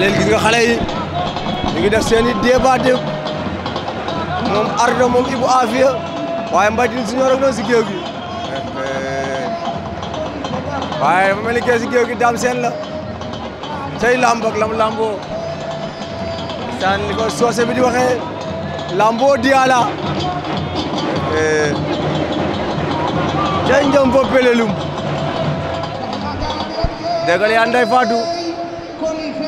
leen gis nga xale yi ñu ngi def seen i débat de moom Ardo moom Ibou Afia waaye Mbaye Tine Junior ak noonu si géew gi waaye dafa mel ni kee si géew gi daam seen la cay làmb ak lam làmboo saan li soose bi di waxee làmboo diyaala cay njëm fo pelelum déggal yaa ndey Fatou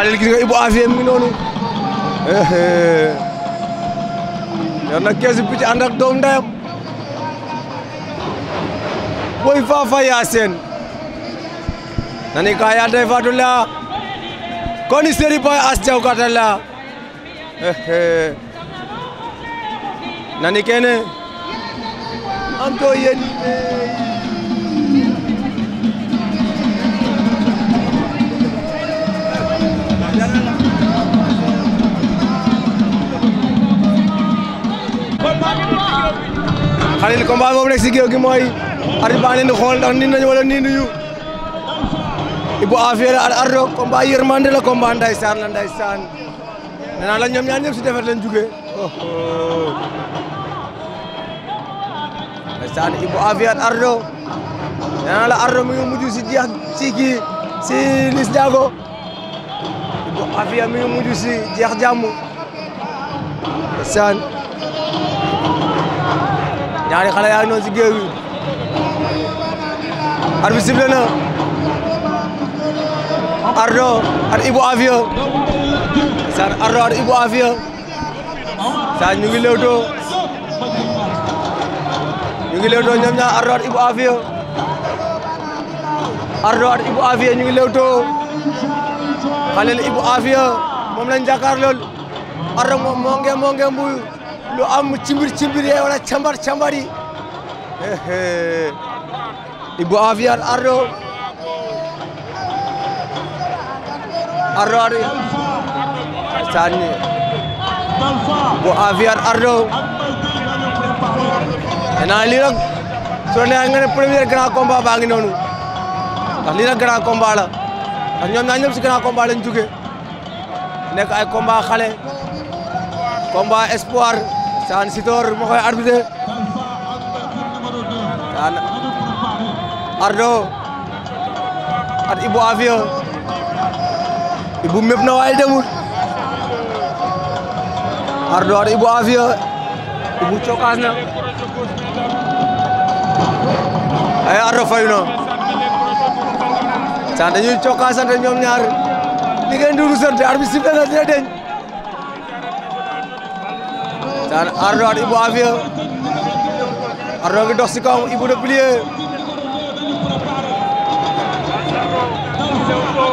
xalil gis nga Ibou Afia mi ngi noonu eh, eh. yor keesu picc ànd ak doom ndeyam boy Fafa Yacine nani ka ya dey fatu la koni seri boy as jaw kata la eh, nani kene anto yedi wax leen combat boobu nekk si géew gi la Ardo combat yërmande la combat ndeysaan la naa la ñoom ñaar ñëpp si defet lañ jugee oh naa la Ardo mi ngi mujj si jeex si kii si Liss Ndiago Ibou Afia mi ngi mujj si jeex ñaari xale yaa ngi noonu si géew yi arbitre sifflé na Ardo ak Ibou Afia saan saan ñu ngi lewtoo ñu ngi lewtoo ñoom ñaar ñu ngi lewtoo xale la Ibou Afia moom lañ jàkkaar lool Ardo moom moo ngeen moo ngeen mbuyu ɗo ammo cimbiri cimbiri e wona cambar cambaɗi ibbo avian arɗo arɗo aɗo tanni bo avian arɗo ena lirak sone angene premier grand combat baangi noonu ndax lii nag grand combat la ndax ñoom ñaar ñëpp si grand combat lañ jóge nekk ay combat xale combat espoir Thiane Sitor moo koy arbitre Thiane Ardo at Ibou Afia Ibou mépp na waaye demul Ardo at Ibou Afia Ibou cokaas na ay Ardo fayu na Thiane dañuy cokaasante ñoom ñaar li ngeen di rusante arbitre sifflé na daan ardo at Ibou Afia ardo ngi dox si kawam Ibou de plier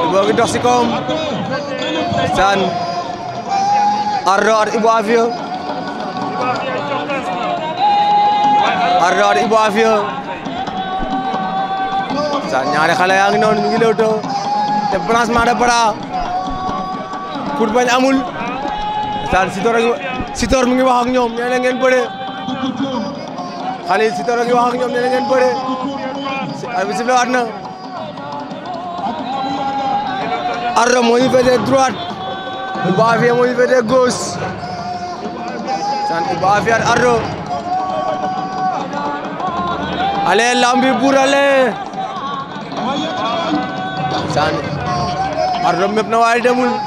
Ibou ngi dox si kawam daan ardo at Ibou Afia ardo at Ibou Afia daan ñaari xale yaa ngi noonu ñu ngi lewtoo te branchement de bras kur bañ amul Sitor mu ngi wax ak ñoom nee ngeen bëre xale yi Sitor a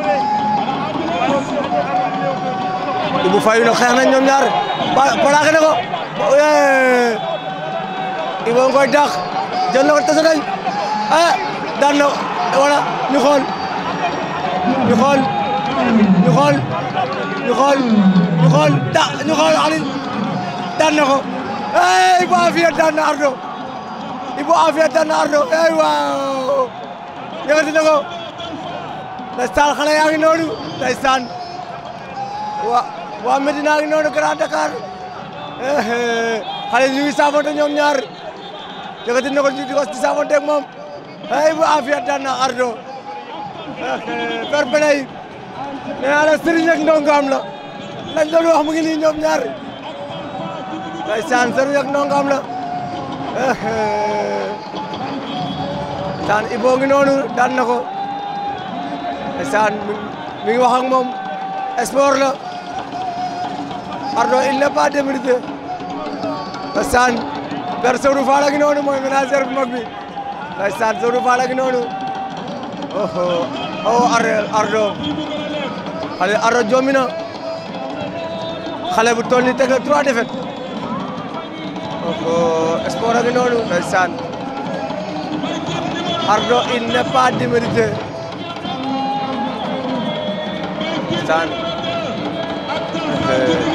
Ibou Faye nag xeex nañ ñoom ñaar palaaxe na ko Ibou ngoy dàq jël na ko tase nañ ah daan na wala ñu xool ñu xool ñu xool daan na ko eh Ibou Afia daan na Ardo Ibou Afia daan na Ardo eh waaw yëkkati na ko ndeysaan xale yaa ngi noonu ndeysaan waaw waa Medina ngi noonu Grand Dakar xale ñu ngi saafonte ñoom ñaar yëkkati na ko di ko saafonte moom ay bu Afia daan Ardo fair play naa la sëriñ ak ndongaam la lañ doon wax mu ngi nii ñoom ñaar ndeysaan sëriñ ak ndongaam la daan Ibou ngi noonu daan na mi ngi moom sport la Ardo il n'est pas démérité ndeysaan ber Sodou Fall ak noonu mooy ménagère bu mag bi ndeysaan Sodou Fall ak noonu oho oh Ardo xale xale bu toll ni teg na trois défaites oho sport ak noonu ndeysaan Ardo il n'est pas démérité ndeysaan